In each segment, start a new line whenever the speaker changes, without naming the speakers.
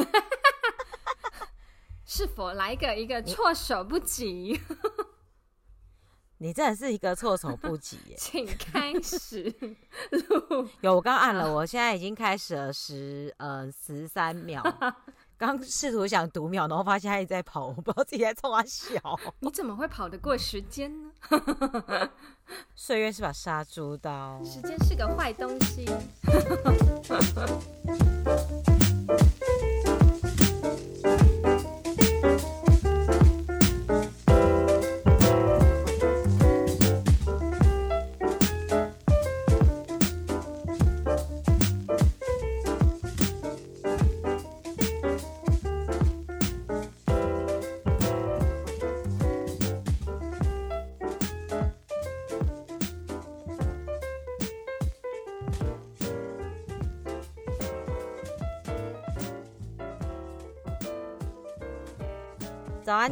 是否來個一個措手不及？
你真的是一個措手不及耶！
請開始
錄。有，我剛按了，啊，我現在已經開始了十呃，十三秒。剛 試圖想讀秒，然後發現它一直在跑，我不知道自己在衝小。你怎麼會跑得過時間呢？歲 月是把殺豬刀，時
間是個壞東西。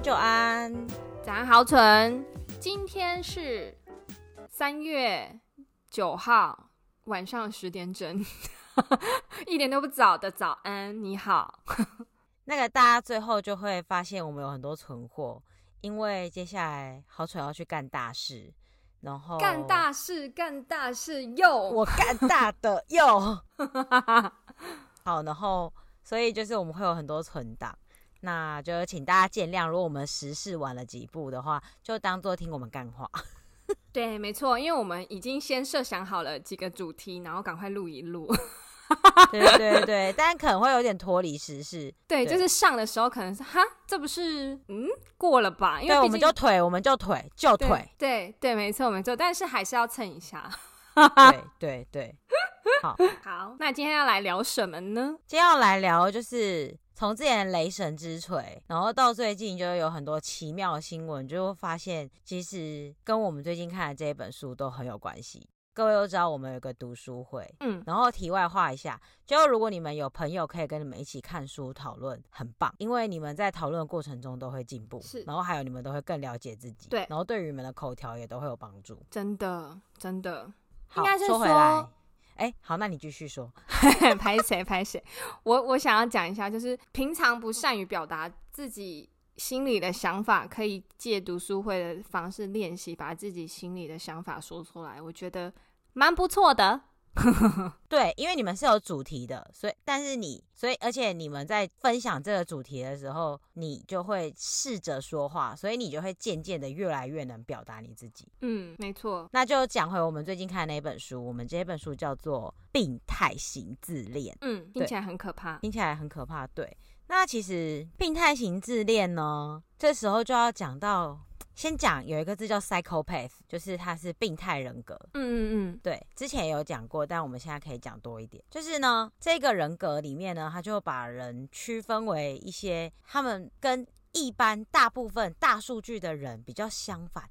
早安，早安，好蠢。今天是三月九號晚上十點整， 一點都不早的早安，你好。
那個大家最後就會發現，我們有很多存貨，因為接下來好蠢要去幹大事，然後幹大
事，幹大事又我幹大
的又， 好，然後所以就是我們會有很多存檔。那就請大家見諒，如果我們時事晚了幾步的話，就當作聽我們幹話。
對，沒錯，因為我們已經先設想好了幾個主題，然後趕快錄一錄。
對對對， 但可能會有點脫離時事對。對，就是上的時候可能是哈，這不是嗯
過了吧？因為對我們就
腿，我們就腿，就腿。
對對，沒錯沒錯，但是還是要
蹭一下。對對對，好 好，那今天要來聊什麼呢？今天要來聊就是。從之前的雷神之錘，然後到最近，就有很多奇妙的新聞，就會發現其實跟我們最近看的這一本書都很有關係。各位都知道我們有一個讀書會，嗯，然後題外話一下，就如果你們有朋友可以跟你們一起看書討論，很棒，因為你們在討論的過程中都會進步，是，然後還有你們都會更了解自己，對，然後對於你們的口條也都會有幫助，
真的真的。
好，應該是說，說回來。哎，好，那你繼續說，
拍誰拍誰？我我想要講一下，就是平常不善於表達自己心裡的想法，可以借讀書會的方式練習，把自己心裡的想法說出來，我覺得蠻不錯的。
對，因為你們是有主題的，所以但是你，所以而且你們在分享這個主題的時候，你就會試着說話，所以你就會漸漸的越來越能表達你自己。嗯，沒錯。那就講回我們最近看的那本書，我們這本書叫做《病態型自戀》嗯。嗯，聽起來很可怕，聽起來很可怕。對，那其實病態型自戀呢，這時候就要講到。先講有一個字叫 psychopath，就是他是病態人格。嗯嗯嗯，對，之前也有講過，但我們現在可以講多一點，就是呢，這個人格裡面呢，他就把人區分為一些他們跟一般大部分大數據的人比較相反，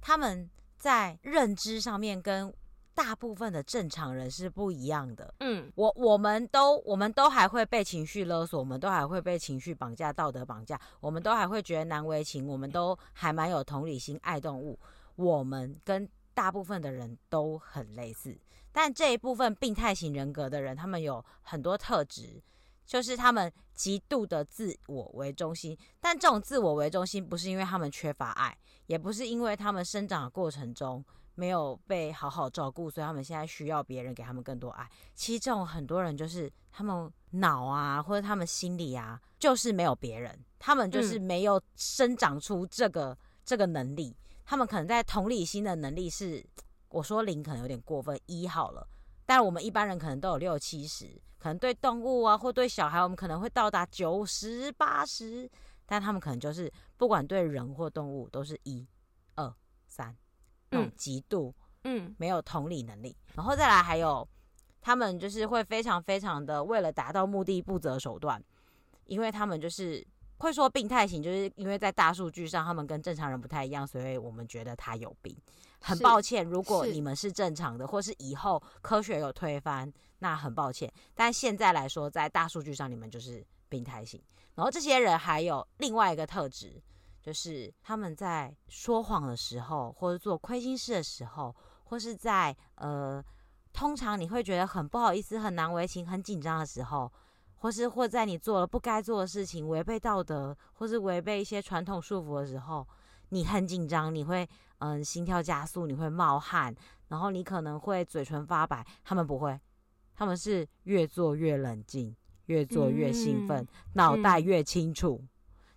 他們在認知上面跟。大部分的正常人是不一樣的。嗯，我我們都我們都還會被情緒勒索，我們都還會被情緒綁架、道德綁架，我們都還會覺得難為情，我們都還蠻有同理心、愛動物。我們跟大部分的人都很類似，但這一部分病態型人格的人，他們有很多特質，就是他們極度的自我為中心。但這種自我為中心不是因為他們缺乏愛，也不是因為他們生長的過程中。沒有被好好照顧，所以他們現在需要別人給他們更多愛。其實這種很多人就是他們腦啊，或者他們心裡啊，就是沒有別人，他們就是沒有生長出這個、嗯、這個能力。他們可能在同理心的能力是，我說零可能有點過分，一好了。但我們一般人可能都有六七十，可能對動物啊，或對小孩，我們可能會到達九十八十。但他們可能就是不管對人或動物都是一。極度，嗯，沒有同理能力，嗯嗯，然後再來還有，他們就是會非常非常的為了達到目的不擇手段，因為他們就是會說病態型，就是因為在大數據上他們跟正常人不太一樣，所以我們覺得他有病。很抱歉，如果你們是正常的，或是以後科學有推翻，那很抱歉。但現在來說，在大數據上你們就是病態型。然後這些人還有另外一個特質。就是他們在說謊的時候，或者做虧心事的時候，或是在呃，通常你會覺得很不好意思、很難為情、很緊張的時候，或是或在你做了不該做的事情、違背道德，或是違背一些傳統束縛的時候，你很緊張，你會嗯、呃、心跳加速，你會冒汗，然後你可能會嘴唇發白。他們不會，他們是越做越冷靜，越做越興奮，嗯、腦袋越清楚。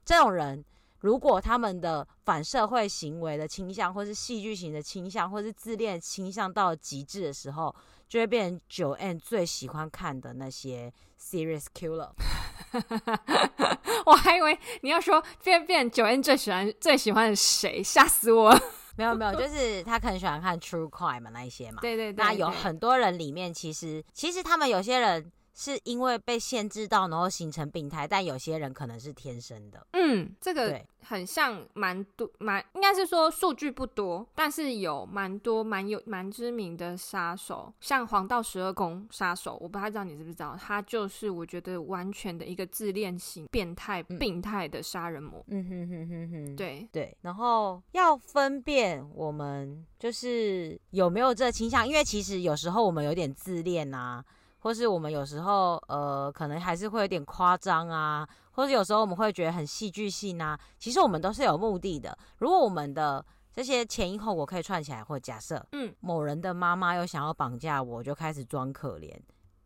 這種人。如果他們的反社會行為的傾向，或是戲劇型的傾向，或是自戀傾向到極致的時候，就會變成 Joanne 最喜歡看的那些 serious killer。
我還以為你要說變變成 Joanne 最喜
歡最喜歡誰，嚇死我！ 沒有沒有，就是他可能喜歡看 true crime 那一些嘛。 對,對,
對對對。那有很
多人裡面，其實其實他們有些人。是因為被限制到，然後形成病態，但有些人可能是天生的。
嗯，這個對，很像蠻多蠻，應該是說數據不多，但是有蠻多蠻有蠻知名的殺手，像黃道十二宮殺手，我不太知道你知不知道，他就是我覺得完全的一個自戀型變態病態的殺人魔嗯。嗯
哼哼哼哼，對對。然後要分辨我們就是有沒有這個傾向，因為其實有時候我們有點自戀啊。或是我們有時候呃，可能還是會有點誇張啊，或者有時候我們會覺得很戲劇性啊。其實我們都是有目的的。如果我們的這些前因後果可以串起來，或者假設，嗯，某人的媽媽又想要綁架我，我就開始裝可憐，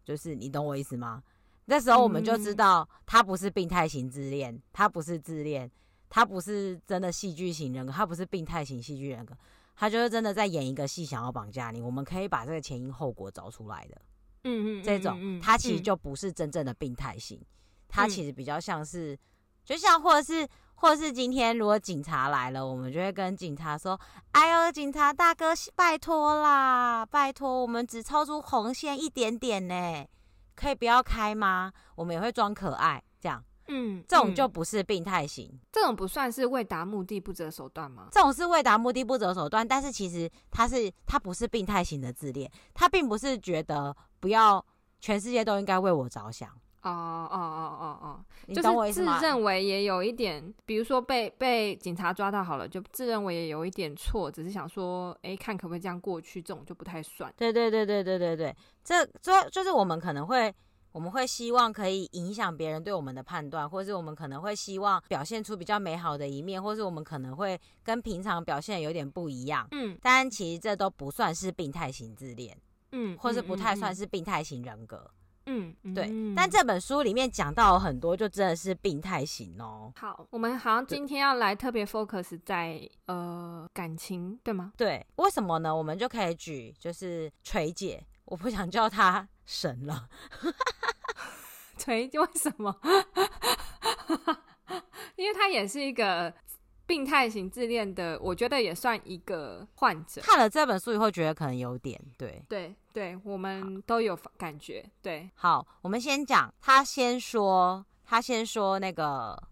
就是你懂我意思嗎？那時候我們就知道他不是病態型自戀，他不是自戀，他不是真的戲劇型人格，他不是病態型戲劇人格，他就是真的在演一個戲，想要綁架你。我們可以把這個前因後果找出來的。嗯嗯，這種它，其實就不是真正的病態型，
它其實
比較像是，就像，或者是，或者是今天如果警察來了，我們就會跟警察說，哎呦，警察大哥，拜托啦，拜托，我們只超出紅線一點點呢，可以不要開嗎？我們也會裝可愛這樣。嗯，這種就不是病態型。
嗯，這種不算是為達目的不擇手段嗎？
這種是為達目的不擇手段，但是其實他是他不是病態型的自戀，他並不是覺得不要全世界都應該為我着想。
哦哦哦哦哦哦，就是自認為也有一點，比如說被被警察抓到好了，就自認為也有一點錯，只是想說，哎、欸，看可不可以這樣過去，這種就不
太算。對對對對對對對，這這就，就是我們可能會。我們會希望可以影響別人對我們的判斷，或者是我們可能會希望表現出比較美好的一面，或是我們可能會跟平常表現有點不一樣。嗯，但其實這都不算是病態型自戀，嗯，或是不太算是病態型人格，嗯，嗯對嗯嗯。但這本書裡面講到很多，就真的是病態型哦。好，
我們好像今天要來特別
focus 在呃感情，對嗎？對，為什麼呢？我們就可以舉，就是垂姐。我不想叫他神了， 就為什麼？ 因為他也是一個
病態型自戀的，我覺得也算一個患者。看了
這本書以後，覺得可能有點對，對對，我們都有感覺。對，好，我們先講，他先說，他先說那個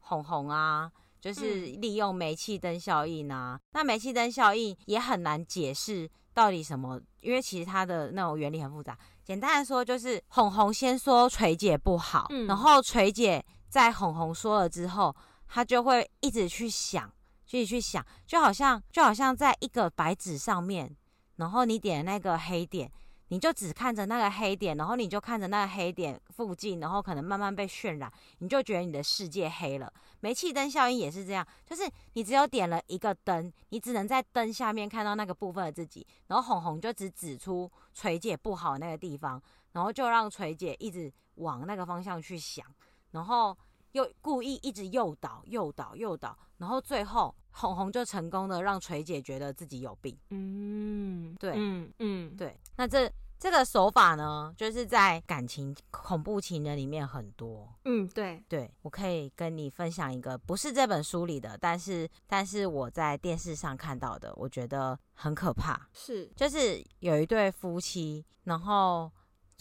紅紅啊，就是利用煤氣燈效應啊，嗯、那煤氣燈效應也很難解釋。到底什麼？因為其實它的那種原理很複雜。簡單的說，就是紅紅先說錘姐不好，嗯、然後錘姐在紅紅說了之後，她就會一直去想，一直去想，就好像就好像在一個白紙上面，然後你點那個黑點。你就只看着那個黑點，然後你就看着那個黑點附近，然後可能慢慢被渲染，你就覺得你的世界黑了。煤氣燈效應也是這樣，就是你只有點了一個燈，你只能在燈下面看到那個部分的自己，然後紅紅就只指出垂姐不好那個地方，然後就讓垂姐一直往那個方向去想，然後又故意一直誘導、誘導、誘導，然後最後，哄哄就成功的讓錘姐覺得自己有病。嗯，對，嗯嗯對，那這這個手法呢，就是在感情恐怖情人裡面很多，嗯對對，我可以跟你分享一個不是這本書裡的，但是但是我在電視上看到的，我覺得很可怕，是就是有一對夫妻，然後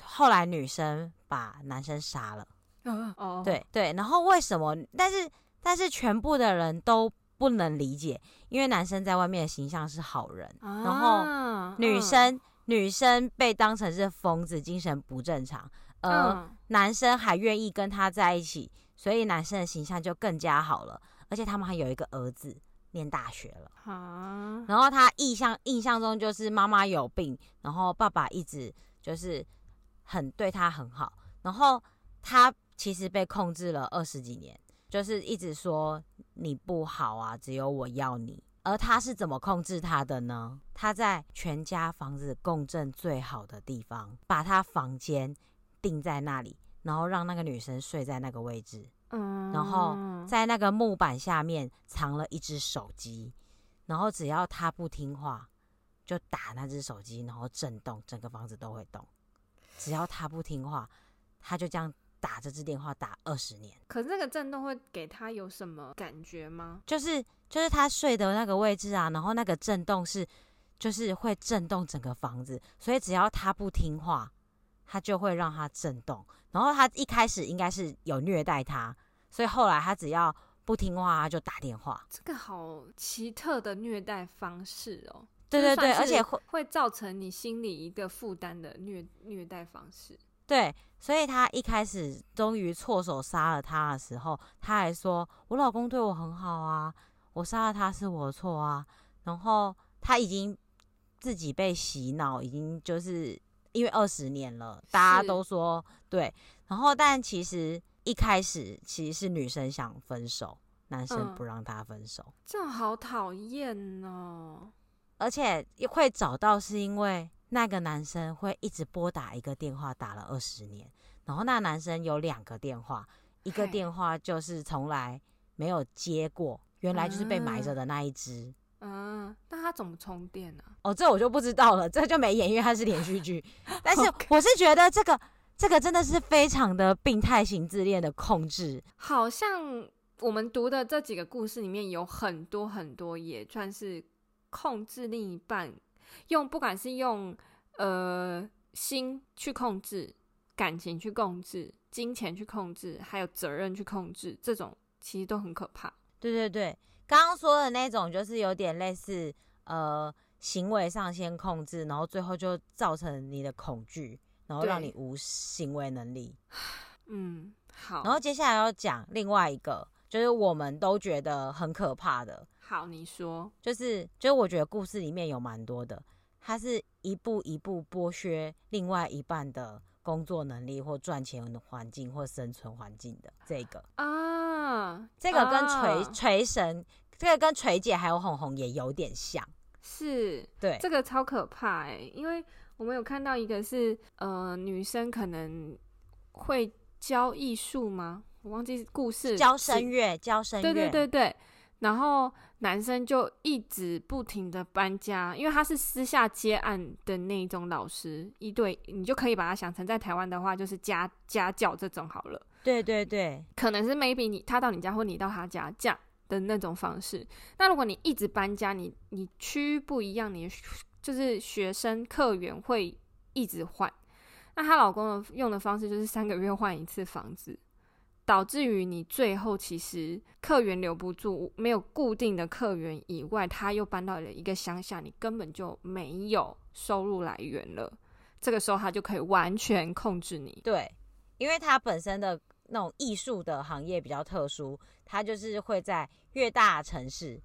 後來女生把男生殺了。哦
哦，對
對，然後為什麼？但是但是全部的人都。不能理解，因為男生在外面的形象是好人，啊、然後女生、嗯、女生被當成是瘋子、精神不正常，而男生還願意跟他在一起，所以男生的形象就更加好了。而且他們還有一個兒子念大學了，啊，然後他印象印象中就是媽媽有病，然後爸爸一直就是很對他很好，然後他其實被控制了二十幾年。就是一直說你不好啊，只有我要你。而他是怎麼控制他的呢？他在全家房子共振最好的地方，把他房間定在那裡，然後讓那個女生睡在那個位置。
嗯，然後
在那個木板下面藏了一隻手機，然後只要他不聽話，就打那隻手機，然後震動，整個房子都會動。只要他不聽話，他就這樣。打這隻電話打二十年，
可是那個震動會給他有什麼感覺嗎？就是
就是他睡的那個位置啊，然後那個震動是就是會震動整個房子，所以只要他不聽話，他就會讓他震動。然後他一開始應該是有虐待他，所以後來他只要不聽話，他就打電話。這
個好奇特的虐待方式喔，對對對，而且會會造成你心裡一個負擔的虐虐待方式。
對，所以他一開始終於錯手殺了他的時候，他還說：“我老公對我很好啊，我殺了他是我的錯啊。”然後他已經自己被洗腦，已經就是因為二十年了，大家都說對。然後但其實一開始其實是女生想分手，男生不讓她分手。
嗯，這好討厭哦。
而且會找到是因為。那個男生會一直撥打一個電話，打了二十年。然後那男生有兩個電話，一個電話就是從來沒有接過，原來就是被埋着的那一隻。
嗯，那、嗯、他怎麼充電呢、
啊？哦，這我就不知道了，這就沒演，因為它是連續劇。 但是我是覺得這個這個真的是非常的病態型自戀的控制。
好像我們讀的這幾個故事裡面有很多很多也算是控制另一半。用不管是用呃心去控制，感情去控制，金錢去控制，還有責任去控制，這種其實都很可怕。
對對對，剛剛說的那種就是有點類似呃行為上先控制，然後最後就造成你的恐懼，然後讓你無行為能力。嗯，好。然後接下來要講另外一個，就是我們都覺得很可怕的。好，你說就是，就是我覺得故事裡面有蠻多的，它是一步一步剝削另外一半的工作能力或賺錢的環境或生存環境的這個啊，這個跟錘、啊、錘神，這個跟錘姐還有紅紅也有點像
是對，這個超可怕哎、欸，因為我們有看到一個是呃女生可能會教藝術嗎？我忘記故事教聲樂，
教聲樂對，對對對
對，然後。男生就一直不停的搬家，因為他是私下接案的那一種老師，一對你就可以把他想成在台灣的話就是家家教這種好了。
對對對，
可能是 maybe 你他到你家或你到他家這樣的那種方式。那如果你一直搬家，你你區不一樣，你就是學生客源會一直換。那她老公的用的方式就是三個月換一次房子。導致於你最後其實客源留不住，沒有固定的客源以外，他又搬到了一個鄉下，你根本就沒有收入來源了。這個時候他就可以完全控制你。
對，因為他本身的那種藝術的行業比較特殊，他就是會在越大城市。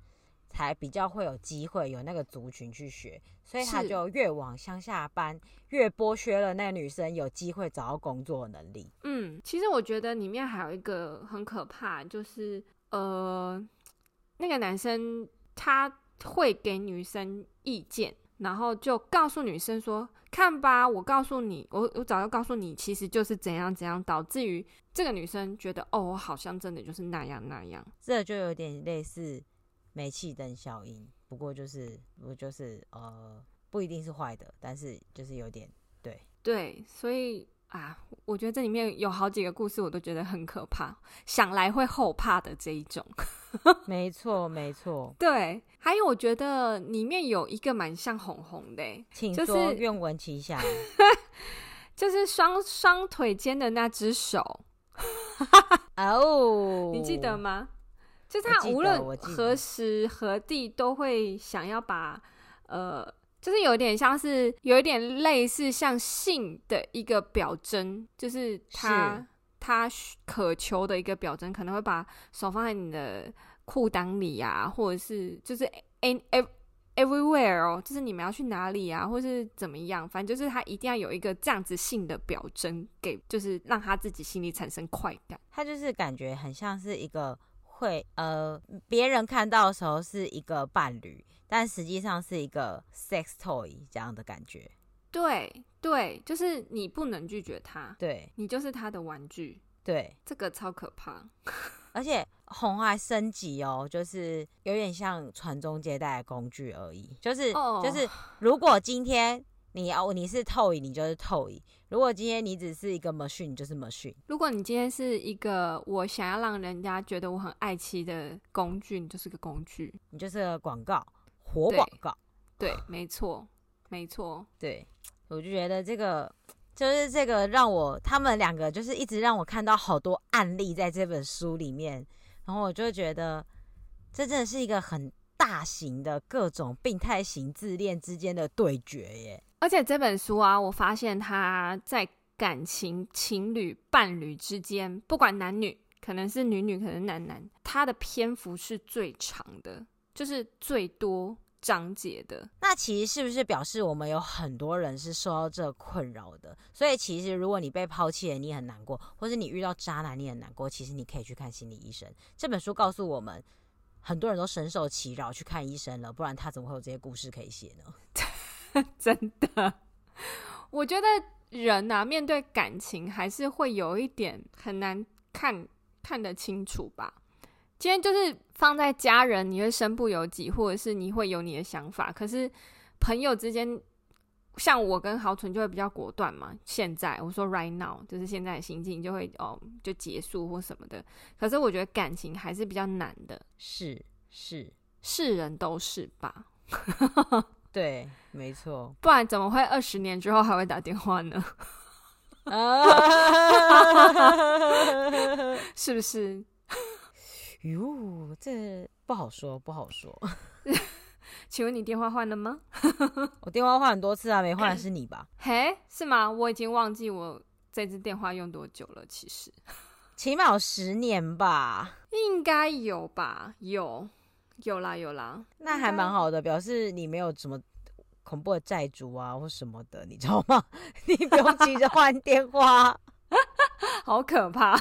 才比較會有機會有那個族群去學，所以他就越往鄉下搬，越剝削了那個女生有機會找到工作能力。
嗯，其實我覺得裡面還有一個很可怕，就是呃，那個男生他會給女生意見，然後就告訴女生說：“看吧，我告訴你，我我早就告訴你，其實就是怎樣怎樣，導致於這個女生覺得哦，我好像真的就是那樣那樣。”
這就有點類似。煤氣燈效應，不過就是，我就是，呃，不一定是壞的，但是就是有點，對，
對，所以啊，我覺得這裡面有好幾個故事，我都覺得很可怕，想來會後怕的這一種。
沒錯，沒錯，
對，還有我覺得裡面有一個蠻像紅紅的，請說，就是，
願聞其詳，
就是雙雙腿間的那隻手。哦 ，oh.，你記得嗎？
就是他無論何
時何地都會想要把，呃，就是有點像是有一點類似像性的一個表徵，就是他是他渴求的一個表徵，可能會把手放在你的褲襠裡啊，或者是就是 in ev everywhere 哦，就是你們要去哪裡啊，或是怎麼樣，反正就是他一定要有一個這樣子性的表徵，給就是讓他自己心裡產生快
感，他就是感覺很像是一個。會呃，別人看到的時候是一個伴侶，但實際上是一個 sex toy 這樣的感覺。
對對，就是你不能拒絕他，對你就是他的玩具。
對，
這個超可怕，
而且紅海升級哦，就是有點像傳宗接代的工具而已。就是就是，如果今天你要你是 toy，你就是 toy。如果今天你只是一個 machine，就是 machine。
如果你今天是一個我想要讓人家覺得我很愛妻的工具，你就是一個工具，你就
是一個廣告，
活廣
告。對，沒錯，沒錯。沒 對，我就覺得這個就是這個讓我他們兩個就是一直讓我看到好多案例在這本書裡面，然後我就覺得這真的是一個很大型的各種病態型自戀之間的對決耶。
而且這本書啊，我發現他在感情、情侶、伴侶之間，不管男女，可能是女女，可能男男，他的篇幅是最長的，就是最多章節的。
那其實是不是表示我們有很多人是受到這困擾的？所以其實如果你被拋棄了，你也很難過，或是你遇到渣男，你很難過，其實你可以去看心理醫生。這本書告訴我們，很多人都深受其擾，去看醫生了，不然他怎麼會有這些故事可以寫呢？ 真
的，我覺得人啊，面對感情還是會有一點很難看看得清楚吧。今天就是放在家人，你會身不由己，或者是你會有你的想法。可是朋友之間，像我跟豪純就會比較果斷嘛。現在我說 right now，就是現在的心境就會哦，就結束或什麼的。可是我覺得感情還是比較難的，是
是是，
是人都是吧。 對，
沒錯，
不然怎麼會二十年之後還會打電話呢？啊 是不是？
喲，這不好說，不好說。
請問你電話換了嗎？
我電話換很多次啊，沒換的是你吧？
嘿，是嗎？我已經忘記我這支電話用多久了，其實
起碼有十年吧，
應該有吧？有。有啦有啦，
那還蠻好的，表示你沒有什麼恐怖的債主啊或什麼的，你知道嗎？ 你不用急着換電話， 好可怕。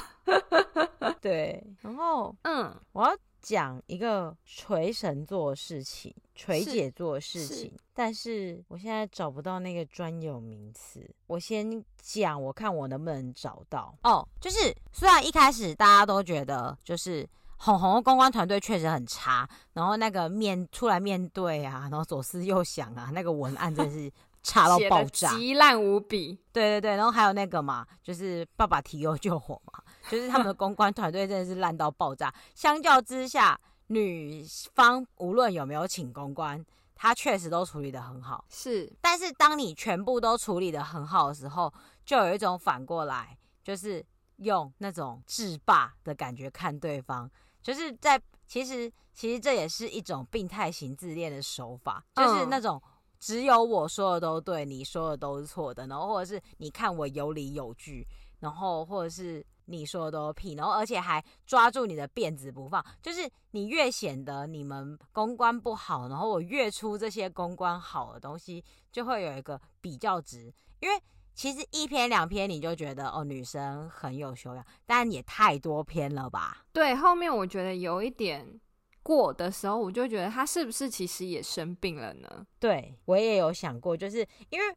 對，然後嗯，我要講一個錘神做的事情，錘姐做的事情，但是我現在找不到那個專有名詞，我先講，我看我能不能找到。哦，就是雖然一開始大家都覺得就是。紅紅的公關團隊確實很差，然後那個面出來面對啊，然後左思右想啊，那個文案真的是差到爆炸， 極爛無比。對對對，然後還有那個嘛，就是爸爸提油救火嘛，就是他們的公關團隊真的是爛到爆炸。 相較之下，女方無論有沒有請公關，她確實都處理得很好。是，但是當你全部都處理得很好的時候，就有一種反過來，就是用那種制霸的感覺看對方。就是在其實其實這也是一種病態型自戀的手法，嗯，就是那種只有我說的都對，你說的都是錯的，然後或者是你看我有理有據，然後或者是你說的都屁，然後而且還抓住你的辮子不放，就是你越顯得你們公關不好，然後我越出這些公關好的東西，就會有一個比較值，因為。其實一篇兩篇你就覺得哦，女生很有修養，但也太多篇了吧？
對，後面我覺得有一點過的時候，我就覺得他
是不是其實也生病了呢？對，我也有想過，就是因為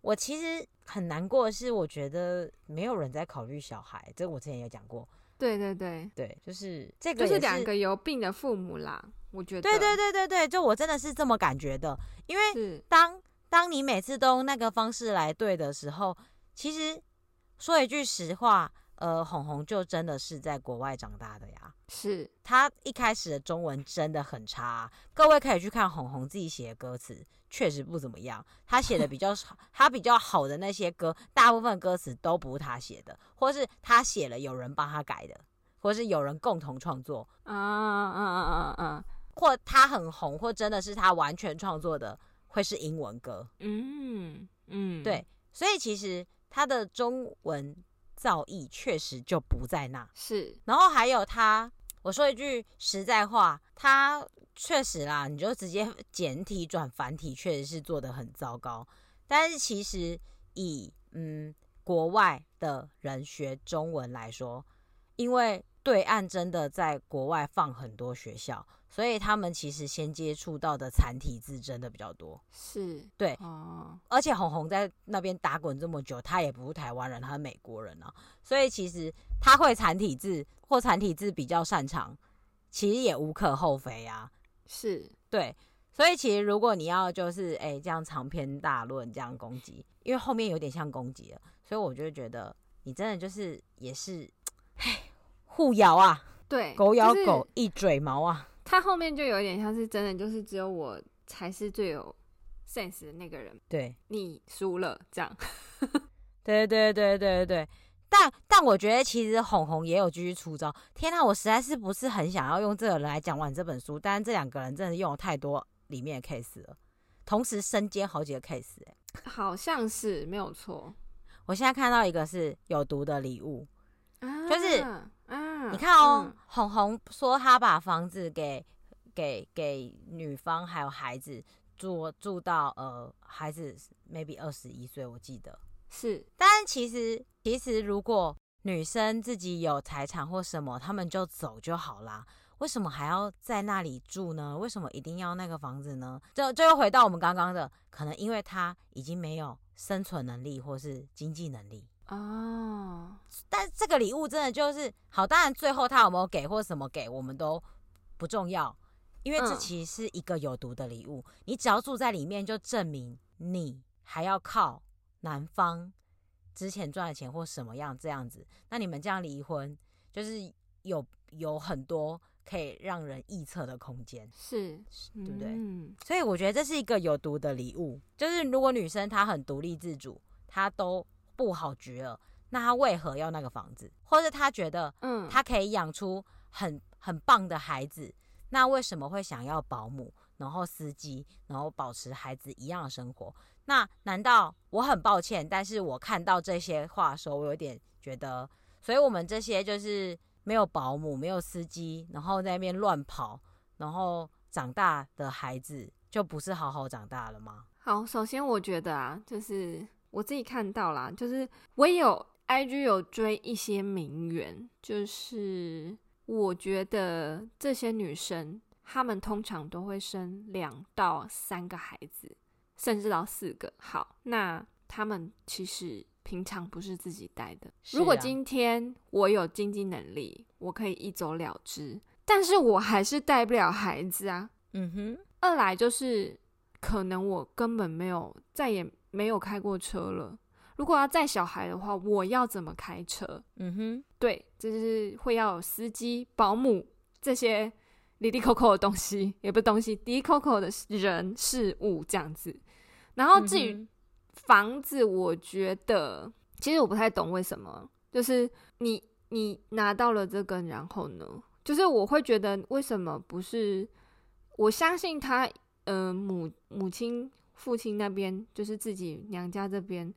我其實很難過的是，我覺得沒有人在考慮小孩，這我之前也講過。
對對對
對，就是這個是，就是兩個
有病的父母啦。我覺得對對
對對對，就我真的是這麼感覺的，因為是當。當你每次都用那個方式來對的時候，其實說一句實話，呃，紅紅就真的是在國外長大的呀。是他一開始的中文真的很差，啊，各位可以去看紅紅自己寫的歌詞，確實不怎麼樣。他寫的比較，啊、他比較好的那些歌，大部分歌詞都不是他寫的，或是他寫了有人幫他改的，或是有人共同創作。啊啊啊啊嗯、啊啊，或他很紅，或真的是他完全創作的。會是英文歌，嗯嗯，對，所以其實他的中文造詣確實就不在那，是，然後還有他，我說一句實在話，他確實啦，你就直接簡體轉繁體，確實是做得很糟糕。但是其實以嗯國外的人學中文來說，因為對岸真的在國外放很多學校。所以他們其實先接觸到的殘體字真的比較多，是對哦、嗯。而且紅紅在那邊打滾這麼久，他也不是台灣人，他是美國人、啊、所以其實他會殘體字或殘體字比較擅長，其實也無可厚非啊。是，對。所以其實如果你要就是哎、欸、這樣長篇大論這樣攻擊，因為後面有點像攻擊了，所以我就覺得你真的就是也是，嘿互咬啊，
對，狗咬狗
一嘴毛啊。就是
但後面就有點像是真的，就是只有我才是最有 sense 的那個人，對你輸了這樣。
對對對對對，但但我覺得其實紅紅也有繼續出招。天吶，我實在是不是很想要用這個人來講完這本書，但是這兩個人真的用了太多裡面的 case 了，同時身兼好幾個 case 哎、欸。
好像
是沒有錯。我現在看到一個是有毒的禮物，就是。你看哦，嗯，紅紅說她把房子給給給女方還有孩子住住到呃孩子 maybe 二十一歲，我記得。是。但其實其實如果女生自己有財產或什麼，他們就走就好啦，為什麼還要在那裡住呢？為什麼一定要那個房子呢？就就又回到我們剛剛的，可能因為她已經沒有生存能力或是經濟能力。哦，但是這個禮物真的就是好，當然最後他有沒有給或什麼給我們都不重要，因為這其實是一個有毒的禮物，嗯。你只要住在裡面，就證明你還要靠男方之前賺的錢或什麼樣這樣子。那你們這樣離婚，就是有有很多可以讓人臆測的空間，是，對不對，嗯？所以我覺得這是一個有毒的禮物，就是如果女生她很獨立自主，她都。布好局了，那他為何要那個房子？或者他覺得，嗯，他可以養出很很棒的孩子，那為什麼會想要保姆，然後司機，然後保持孩子一樣的生活？那難道，我很抱歉，但是我看到這些話的時候，我有點覺得，所以我們這些就是沒有保姆、沒有司機，然後在那邊亂跑，然後長大的孩子，就不是好好長大了嗎？
好，首先我覺得啊，就是。我自己看到啦，就是我有 I G 有追一些名媛，就是我覺得這些女生，她們通常都會生兩到三個孩子，甚至到四個。好，那她們其實平常不是自己帶的。啊。如果今天我有經濟能力，我可以一走了之，但是我還是帶不了孩子啊。嗯哼。二來就是可能我根本沒有再也。沒有開過車了。如果要載小孩的話，我要怎麼開車？嗯哼，對，就是會要有司機、保姆這些哩哩摳摳的東西，也不是東西，哩哩摳摳的人事物這樣子。然後至於房子，我覺得、嗯、其實我不太懂為什麼。就是你你拿到了這個，然後呢？就是我會覺得為什麼不是？我相信他，嗯、呃，母母親。父親那邊就是自己娘家這邊，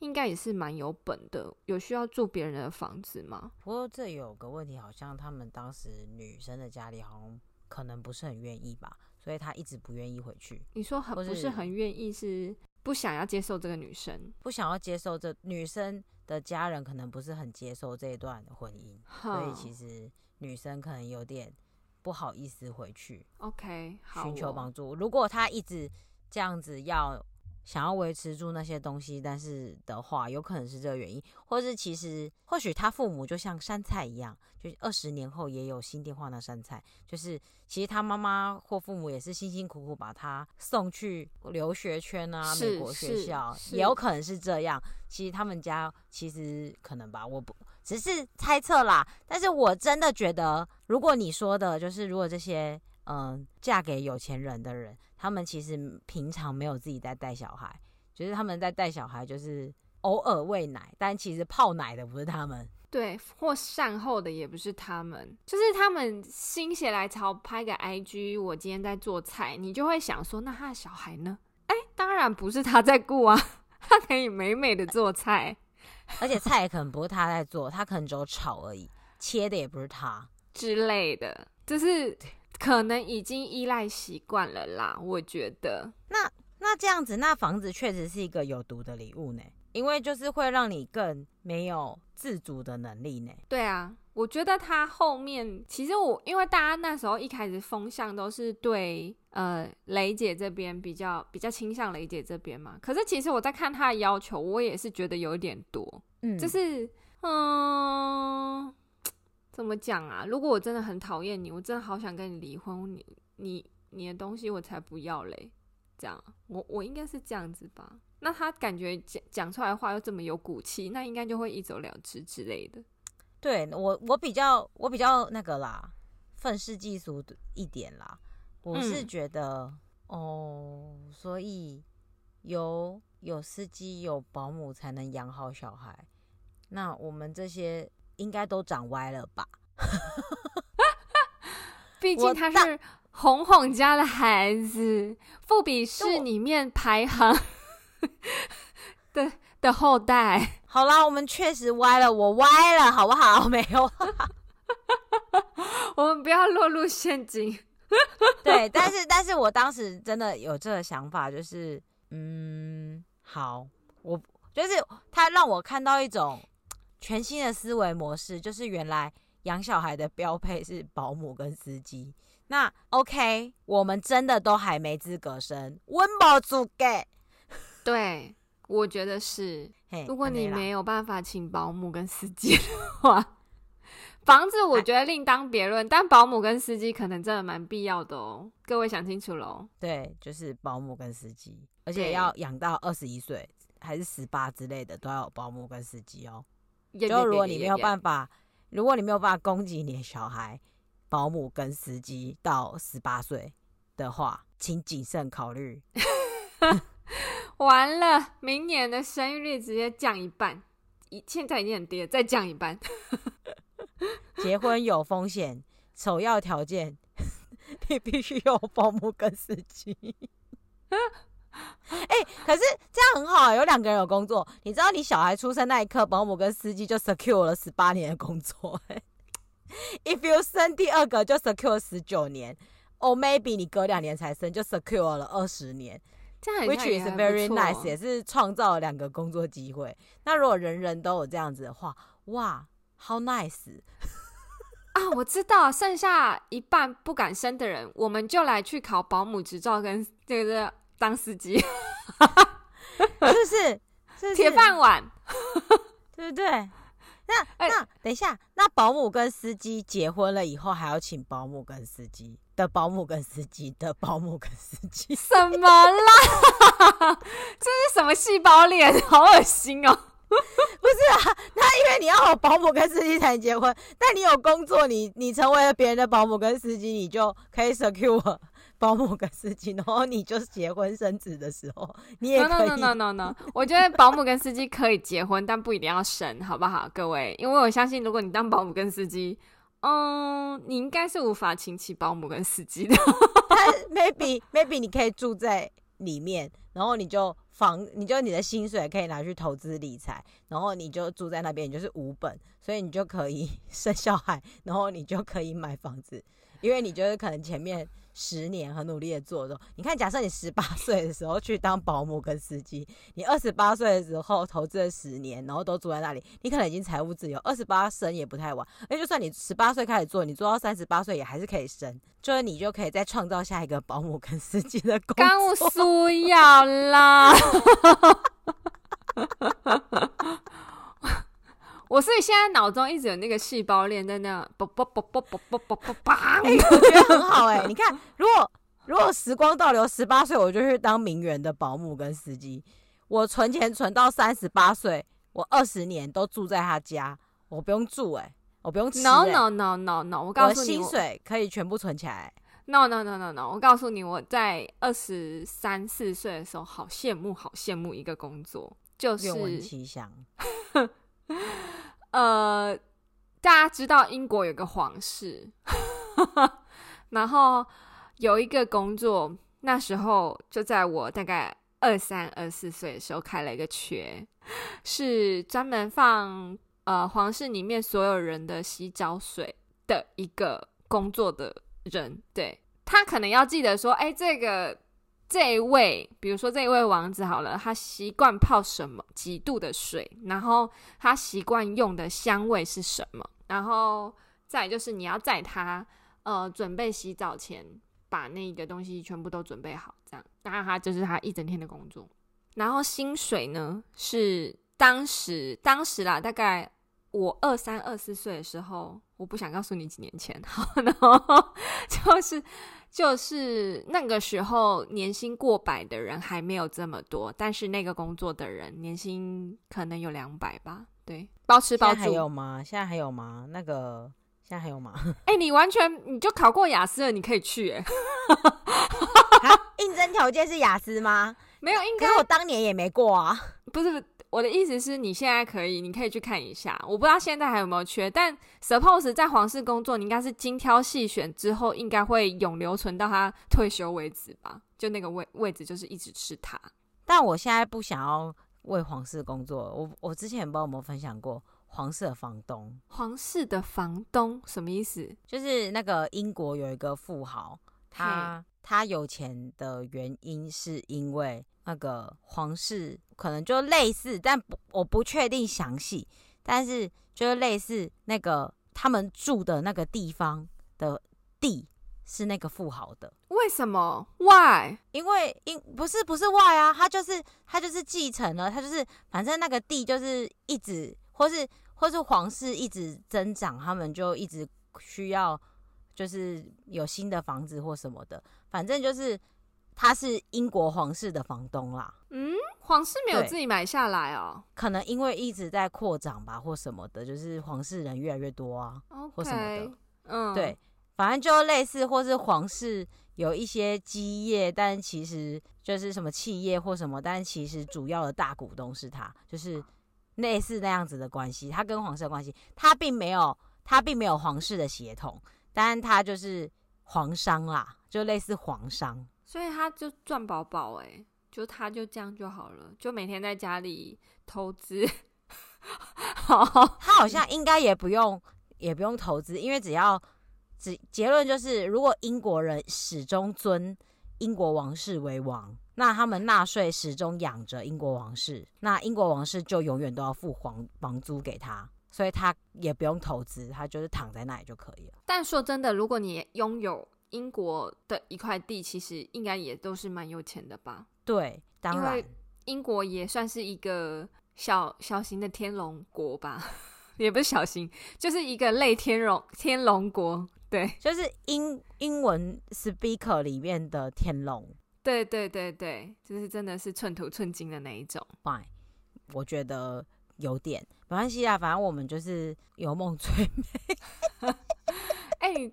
應該也是蠻有本的。有需要住別人的房子嗎？
不過這有個問題，好像他們當時女生的家裡好像可能不是很願意吧，所以她一直不願意回去。你說很，是不是很
願意，是不想要接受這個女生，
不想要接受這女生的家人可能不是很接受這一段婚姻，所以其實女生可能有點不好意思回去。OK，好，尋求幫助。哦。如果她一直。這樣子要想要維持住那些東西，但是的話，有可能是這個原因，或是其實或許他父母就像杉菜一樣，就是二十年後也有新電話那杉菜，就是其實他媽媽或父母也是辛辛苦苦把他送去留學圈啊，美國學校，也有可能是這樣。其實他們家其實可能吧，我不只是猜測啦，但是我真的覺得，如果你說的就是如果這些。嗯，嫁給有錢人的人，他們其實平常沒有自己在帶小孩，就是他們在帶小孩，就是偶爾餵奶，但其實泡奶的不是他們，
對，或善後的也不是他們，就是他們心血來潮拍個 IG，我今天在做菜，你就會想說，那他的小孩呢？哎、欸，當然不是他在顧啊，他可以美美的做菜，
而且菜也可能不是他在做，他可能只有炒而已，切的也不是他
之類的，就是。可能已經依賴習慣了啦，我覺得。那
那這樣子，那房子確實是一個有毒的禮物呢，因為就是會讓你更沒有自主的能力呢。
對啊，我覺得他後面其實我，因為大家那時候一開始風向都是對呃雷姐這邊比較比較傾向雷姐這邊嘛，可是其實我在看他的要求，我也是覺得有點多，嗯，就是嗯。呃怎麼講啊？如果我真的很討厭你，我真的好想跟你離婚，你你你的東西我才不要嘞。這樣，我我應該是這樣子吧？那他感覺講講出來話又這麼有骨氣，那應該就會一走了之之類的。
對我我比較我比較那個啦，憤世嫉俗一點啦。我是覺得、嗯、哦，所以有有司機有保姆才能養好小孩。那我們這些。應該都長歪了吧？
畢 竟他是紅紅家的孩子，富比士裡面排行的的後代。
好啦，我們確實歪了，我歪了，好不好？沒有， 我們不要落入陷阱。 對，但是但是我當時真的有這個想法，就是嗯，好，我就是他讓我看到一種。全新的思維模式就是，原來養小孩的標配是保姆跟司機。那 OK，我們真的都還沒資格生溫飽組給，對，我覺
得是。如果你沒有辦法請保姆跟司機的話，房子我覺得另當別論，啊，但保姆跟司機可能真的蠻必要的哦、喔。各位想清楚嘍。
對，就是保姆跟司機，而且要養到二十一歲還是十八之類的，都要有保姆跟司機哦、喔。Yeah, yeah, yeah, yeah, yeah. 就如果你沒有辦法，yeah, yeah, yeah. 如果你沒有辦法供給你的小孩保姆跟司機到十八歲的話，請謹慎考慮。
完了，明年的生育率直接降一半，現在已經很低了，再降一半。
結婚有風險，首要條件 你必須有保姆跟司機。 哎、 欸，可是這樣很好、啊，有兩個人有工作。你知道，你小孩出生那一刻，保姆跟司機就 secure 了十八年的工作、欸。哎 ，if you 生第二個就 secure 了十九年，or maybe 你隔兩年才生就 secure 了二十年
這樣、哦、，which is very nice，也
是創造了兩個工作機會。那如果人人都有這樣子的話，哇，好 nice 啊！我知
道，剩下一半不敢生的人，我們就來去考保姆執照跟這個、這個。當司機，哈哈，是不是？是鐵飯碗，
對不對？那那、欸、等一下，那保姆跟司機結婚了以後，還要請保姆跟司機的保姆跟司機的保姆跟司機？ 什麼啦？ 這是什麼細胞臉？好噁心哦、喔！ 不是啊，那因為你要有保姆跟司機才能結婚，但你有工作你，你你成為了別人的保姆跟司機，你就可以 secure。保姆跟司機，然後你就結婚生子的時候，你也可以、no，no no
no no no。我覺得保姆跟司機可以結婚， 但不一定要生，好不好，各位？因為我相信，如果你當保姆跟司
機，嗯，你應該是無法請起保姆跟司機的。但是 maybe maybe 你可以住在裡面，然後你就房，你就你的薪水可以拿去投資理財，然後你就住在那邊，你就是無本，所以你就可以生小孩，然後你就可以買房子，因為你覺得可能前面。 十年很努力的做的時候，你看，假設你十八歲的時候去當保姆跟司機，你二十八歲的時候投資了十年，然後都住在那裡，你可能已經財務自由。二十八生也不太晚，那就算你十八歲開始做，你做到三十八歲也還是可以生，就是你就可以再創造下一個保姆跟司機的工作。剛我
輸要啦。我所以現在腦中一直有那個細胞鏈在
那樣叭叭叭叭叭叭叭叭叭，我覺得很好哎。你看，如果如果時光倒流十八歲，我就去當名媛的保姆跟司機。我存錢存到三十八歲，我二十年都住在他家，我不用住哎，我不用住。No no no no no，我告訴你，薪水可以全部存起來。
No no no no no，我告訴你，我在二十三四歲的時候，好羨慕，好羨慕一個工作，就是。呃，大家知道英國有個皇室，呵呵，然後有一個工作，那時候就在我大概二三、二四歲的時候開了一個缺，是專門放呃皇室裡面所有人的洗澡水的一個工作的人，對，他可能要記得說，哎、欸，這個。這一位，比如說這一位王子好了，他習慣泡什麼幾度的水，然後他習慣用的香味是什麼，然後再就是你要在他呃準備洗澡前把那個東西全部都準備好，這樣，那他就是他一整天的工作，然後薪水呢是當時當時啦，大概我二三二四歲的時候，我不想告訴你幾年前，好，然後就是。就是那個時候，年薪過百的人還沒有這麼多，但是那個工作的人年薪
可能有兩百吧。對，包吃包住。現在還有嗎？現在還有嗎？那個現在還有嗎？哎、
欸，你完全，你就考過雅思了，你可以去耶。哈哈哈哈哈！應徵條件是雅思嗎？沒有，應該。可是我當年也沒過啊。不是。不是我的意思是你現在可以，你可以去看一下。我不知道現在還有沒有缺，但 suppose 在皇室工作，你應該是精挑細選之後，應該會永留存到他退休為止吧？就那個位位置，就是一直是他。
但我現在不想要為皇室工作。我我之前幫我們分享過皇室的房東，
皇室的房東什麼意思？
就是那個英國有一個富豪，他他有錢的原因是因為。那個皇室可能就類似，但不，我不確定詳細。但是就是類似那個他們住的那個地方的地是那個富豪的。為什麼？Why？因為因不是不是 Why 啊，他就是他就是繼承了，他就是反正那個地就是一直或是或是皇室一直增長，他們就一直需要就是有新的房子或什麼的，反正就是。他是英國皇室的房東啦，
嗯，皇室沒有自己買下來
哦，可能因為一直在擴張吧，或什麼的，就是皇室人越來越多啊，okay, 或什麼的，嗯，對，反正就類似或是皇室有一些基業，但其實就是什麼企業或什麼，但其實主要的大股東是他，就是類似那樣子的關係。他跟皇室的關係，他並沒有他並沒有皇室的血統，但他就是皇商啦，就類似皇商。
所以他就賺飽飽欸，就他就這樣就好了，就每天在家裡投資
他好像應該也不用，也不用投資，因為只要只結論就是，如果英國人始終尊英國王室為王，那他們納稅始終養着英國王室，那英國王室就永遠都要付房房租給他，所以他也不用投資，他就是躺在那裡就可以了。
但說真的，如果你擁有。英國的一塊地，其實應該也都是蠻有錢的吧？
對，當然，因
為英國也算是一個小小型的天龍國吧，
也不是小型，
就是一個類天龍天龍國。
對，就是英英文 speaker 裡面的天龍。
對對對對，就是真的是寸土寸金的那一種。
哎，我覺得有點沒關係啊，反正我們就是有夢最美。
哎、 欸。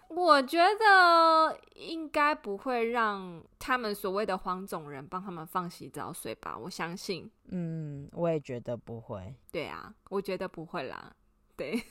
我覺得應該不會讓他們所謂的黃種人幫他們放洗澡水吧？我相信，嗯，
我也覺得不會。
對啊，我覺得不會啦。對，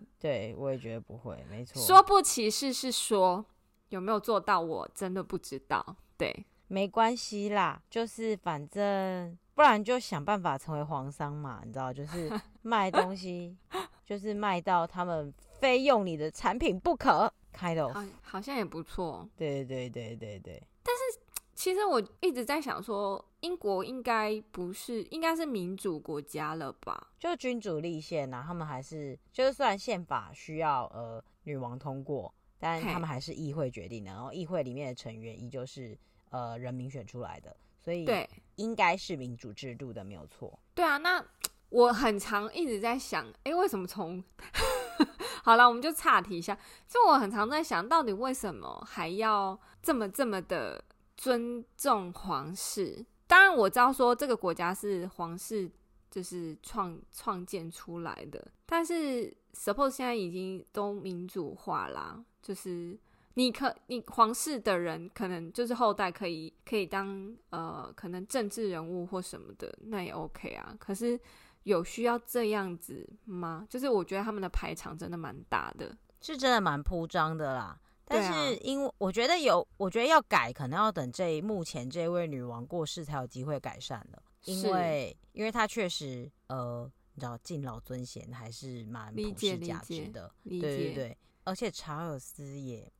對，我也覺得不會，沒錯。說不
歧視是說有沒有做到我，我真的不知道。
對，沒關係啦，就是反正不然就想辦法成為黃商嘛，你知道，就是賣東西， 就是賣到他們非用你的產品不可。開 Kind of. 好，好像也不錯。對對對對
對。但是其實我一直在想說，說英國應該不是，應該是
民主國家了吧？就是君主立憲啊，他們還是就是雖然憲法需要呃女王通過，但他們還是議會決定的。然後議會裡面的成員依舊、就是呃人民選出來的，所以對，應該是民主制度的沒有錯。
對啊，那我很常一直在想，哎，為什麼從 好啦，我們就岔題一下。就我很常在想，到底為什麼還要這麼這麼的尊重皇室？當然我知道說這個國家是皇室就是創創建出來的，但是 suppose 現在已經都民主化啦，就是你可你皇室的人可能就是後代可以可以當呃可能政治人物或什麼的，那也 OK 啊。可是。有需要這樣子嗎？就是我覺得他們的排場真的蠻
大的，是真的蠻鋪張的啦。但是因為我覺得有，我覺得要改，可能要等這目前這位女王過世才有機會改善的。因為，是因為她確實，呃，你知道敬老尊賢還是蠻普世價值的，理解，理解，對對對。而且查爾斯也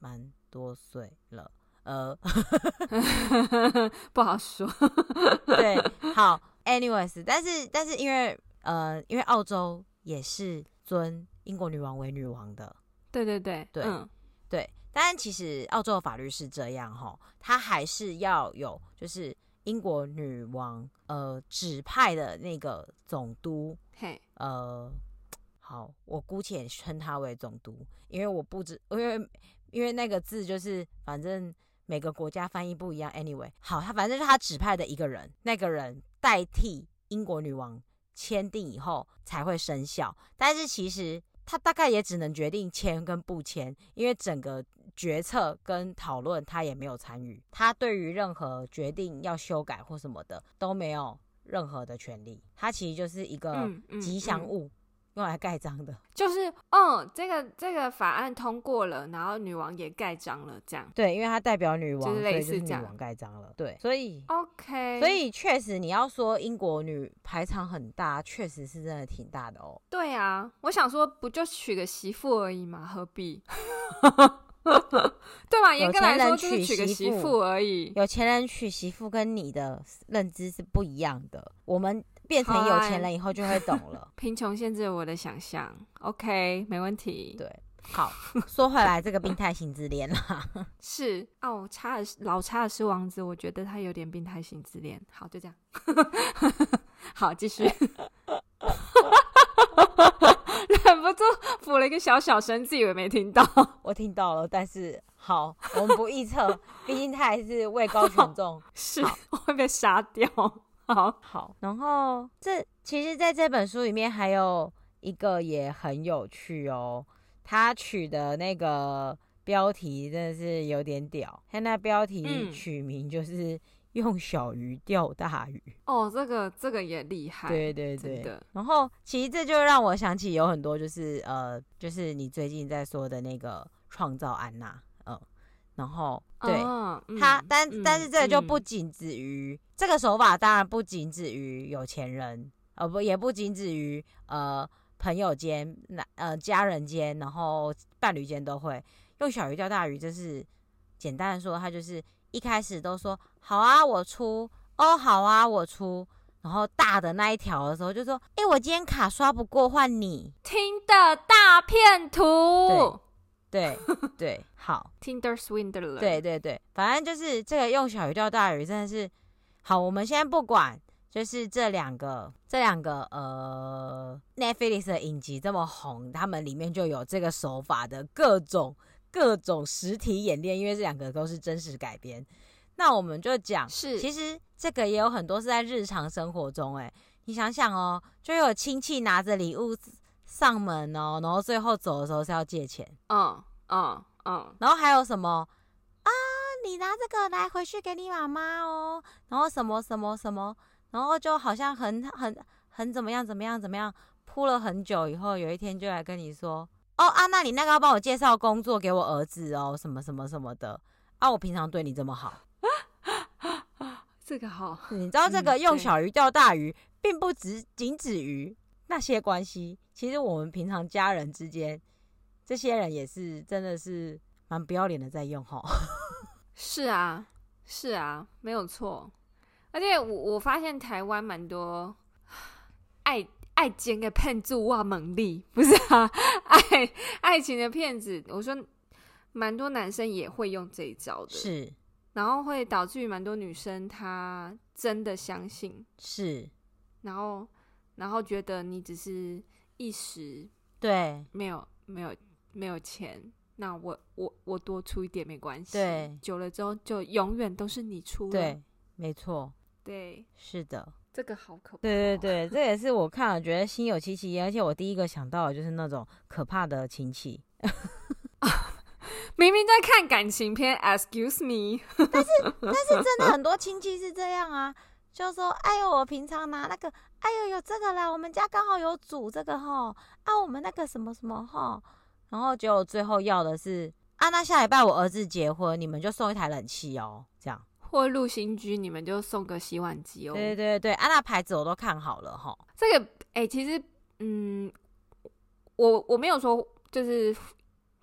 蠻多歲了。呃， 不好說。 對，好，anyways，但是但是因為呃，因為澳洲也是尊英國女王為女王的。對
對對對對。當
然，嗯，對，但其實澳洲的法律是這樣吼，它還是要有就是英國女王呃指派的那個總督。嘿，呃，好，我姑且稱他為總督，因為我不知，因為因為那個字就是反正。每個國家翻譯不一樣。Anyway，好，他反正是他指派的一個人，那個人代替英國女王簽訂以後才會生效。但是其實他大概也只能決定簽跟不簽，因為整個決策跟討論他也沒有參與。他對於任何決定要修改或什麼的，都沒有任何的權利。他其實就是一個吉祥物。嗯嗯嗯用來蓋章的，
就是，哦，這個這個法案通過了，然後女王也蓋章了，這樣，
對，因為它代表女王，就是類似這樣就是女王蓋章了，對，所以
，OK，所以
確實你要說英國女排場很大，確實是真的挺大的哦，
對啊，我想說不就娶個媳婦而已嘛，何必？ 對嘛？嚴格來說，就是娶個媳婦而已。
有錢人娶媳婦跟你的認知是不一樣的，我們。變成有錢人以後就會懂
了。貧窮、啊、 限制我的想象。OK，沒問題。對，
好。 說回來，這個病態型自戀了，
是哦，差是老差是王子，我覺得他有點病態型自戀。好，就這樣。
好，繼繼續。忍不住撫了一個小小聲，自以為沒聽到。我聽到了，但是好，我們不臆測，畢 竟他還是位高權重，是，我會被殺掉。好好，然後這其實在這本書裡面還有一個也很有趣哦，他取的那個標題真的是有點屌，他那標題取名就是用小魚釣大魚。
嗯。哦，這個這個也厲害，對對對的。
然後其實這就讓我想起有很多就是呃，就是你最近在說的那個創造安娜。然後，對，哦嗯、他，但但是這個就不僅止於、嗯嗯、這個手法，當然不僅止於有錢人，呃不，也不僅止於呃朋友間、呃家人間，然後伴侶間都會用小魚釣大魚，就是簡單的說，他就是一開始都說好啊，我出，哦好啊，我出，然後大的那一條的時候就說，誒、欸，我今天卡刷不過，換你
聽的大騙
徒。 對對好，Tinder Swindler， 對對對，反正就是這個用小魚釣大魚真的是好。我們先不管，就是這兩個這兩個呃，Netflix 的影集這麼紅，他們裡面就有這個手法的各種各種實體演練，因為這兩個都是真實改編。那我們就講，是其實這個也有很多是在日常生活中，哎，你想想哦，就有親戚拿着禮物。上門哦，然後最後走的時候是要借錢，嗯嗯嗯，然後還有什麼啊？你拿這個來回去給你媽媽哦，然後什麼什麼什麼，然後就好像很很很怎麼樣怎麼樣怎麼樣，鋪了很久以後，有一天就來跟你說，哦啊，那你那個要幫我介紹工作給我兒子哦，什麼什麼什麼的啊，我平常對你這麼好，啊
啊啊啊，這個好，你知道這個用小魚
釣大魚，嗯、並不止僅止於。那些關係，其實我們平常家人之間，這些人也是真的是蠻不要臉的，在用吼，是啊，
是啊，沒有錯。而且我我發現台灣蠻多愛愛奸的騙子哇，猛力不是啊，愛愛情的騙子。我說，蠻多男生也會用這一招的，是，然後會導致於蠻多女生她真的相信，是，然後。然後覺得你只是一時對，沒有對，沒有沒有，沒有錢，那我我我多出一點沒關係。對，久了之後就永遠都是你出。對，
沒錯，對，是的，這個好可怕。對對對，這也是我看了，覺得心有戚戚。而且我第一個想到的就是那種可怕的親戚，
明明在看感情片，excuse me，但
是但是真的很多親戚是這樣啊，就是說，哎呦，我平常拿那個。哎呦，有這個啦！我們家剛好有煮這個齁啊，我們那個什麼什麼齁，然後就最後要的是啊那、啊、下禮拜我兒子結婚，你們就送一台冷氣哦、喔，這樣
或入新居你們就送個洗碗機哦、喔。對對對對，啊那牌子我都看好了齁。這個哎、欸，其實嗯，我我沒有說就是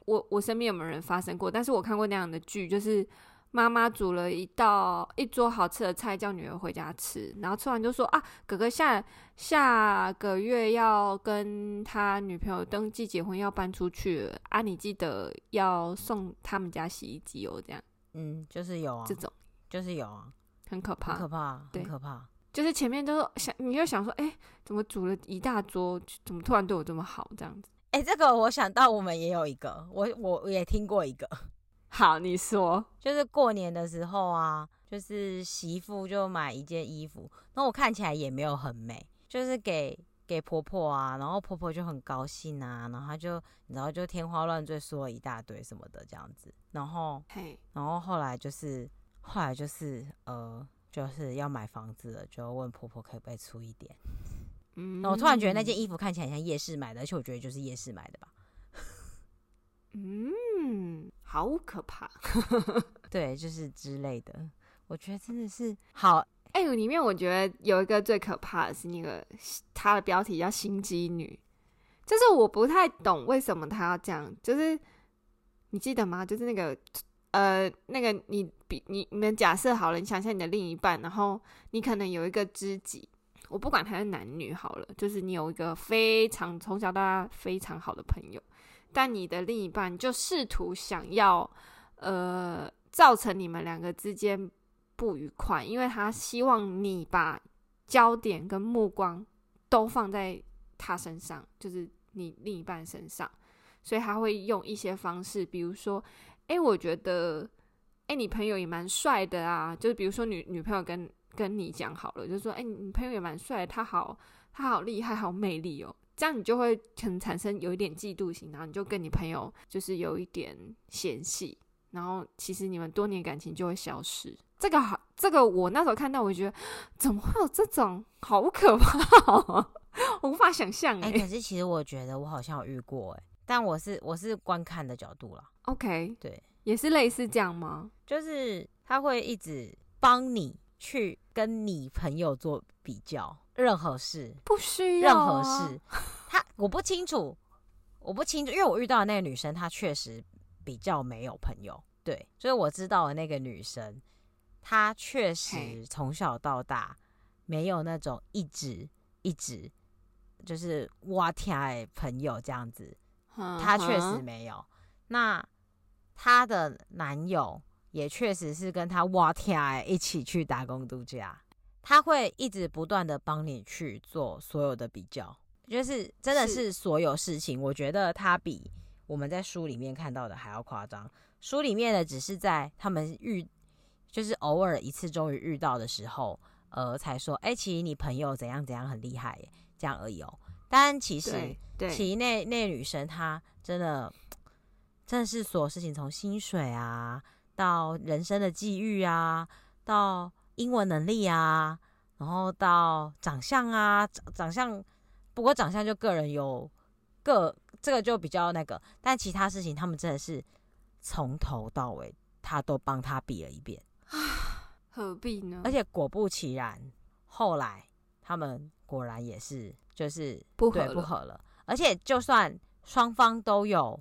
我我身邊有沒有人發生過，但是我看過那樣的劇，就是。媽媽煮了一道一桌好吃的菜，叫女兒回家吃。然後吃完就說：“啊，哥哥下下個月要跟他女朋友登記結婚，要搬出去啊！你記得要送他們家洗衣機哦。”這樣，嗯，
就是有啊，這種就是有啊，很可怕，很可怕，很可怕。
就是前面都想，你又想
說：“哎、欸，怎麼煮了一大桌，怎麼突然
對我這麼好？”這樣子。哎、欸，
這個我想到我們也有一個，我我也聽過一個。好，你說就是過年的時候啊，就是媳婦就買一件衣服，那我看起來也沒有很美，就是給給婆婆啊，然後婆婆就很高興啊，然後她就然後就天花亂墜說了一大堆什麼的這樣子，然後嘿，然後後來就是後來就是呃就是要買房子了，就問婆婆可不可以出一點，
嗯，那我突然覺得那件衣服看
起來很像夜市買的，而且我覺得就是夜市買的吧。
嗯，好可怕。
對，就是之類的。我
覺得真的是好。哎、欸，裡面我覺得有一個最可怕的是那個，它的標題叫“心機女”。就是我不太懂為什麼他要這樣。就是你記得嗎？就是那個，呃，那個你比你你們假設好了，你想象你的另一半，然後你可能有一個知己，我不管他是男女好了，就是你有一個非常從小到大非常好的朋友。但你的另一半就試圖想要，呃，造成你們兩個之間不愉快，因為他希望你把焦點跟目光都放在他身上，就是你另一半身上，所以他會用一些方式，比如說，哎，我覺得，哎，你朋友也蠻帥的啊，就是比如說女女朋友跟跟你講好了，就是說，哎，你朋友也蠻帥的，他好，他好厲害，好魅力哦。這樣你就會可能產生有一點嫉妒心，然後你就跟你朋友就是有一點嫌隙，然後其實你們多年的感情就會消失。這個好這個我那時候看到，我覺得怎麼會有這種？好可怕啊，我無法想象欸。欸，可是
其實我覺得我好像有遇過欸，但我是我是觀看的角度了。
OK，對，也是類似這樣嗎？
就是他會一直幫你去跟你朋友做比較。任何事不需要，任何事，他我不清楚，我不清楚，因為我遇到的那個女生，她確實比較沒有朋友，對，所以我知道的那個女生，她確實從小到大沒有那種一直一直就是哇天哎朋友這樣子，她確實沒有。嗯嗯，那她的男友也確實是跟她哇天哎一起去打工度假。他會一直不斷的幫你去做所有的比較，就是真的是所有事情，我覺得他比我們在書裡面看到的還要誇張。書裡面的只是在他們遇，就是偶爾一次終於遇到的時候，呃，才說，哎、欸，其實你朋友怎樣怎樣很厲害耶，這樣而已哦。但其實，對對其實那那女生她真的，真的是所有事情，從薪水啊，到人生的際遇啊，到。英文能力啊，然後到長相啊，長，長相，不過長相就個人有個，這個就比較那個，但其他事情他們真的是從頭到尾他都幫他比了一遍。
何必呢？而且
果不其然，後來他們果然也是就是不合不合了，而且就算雙方都有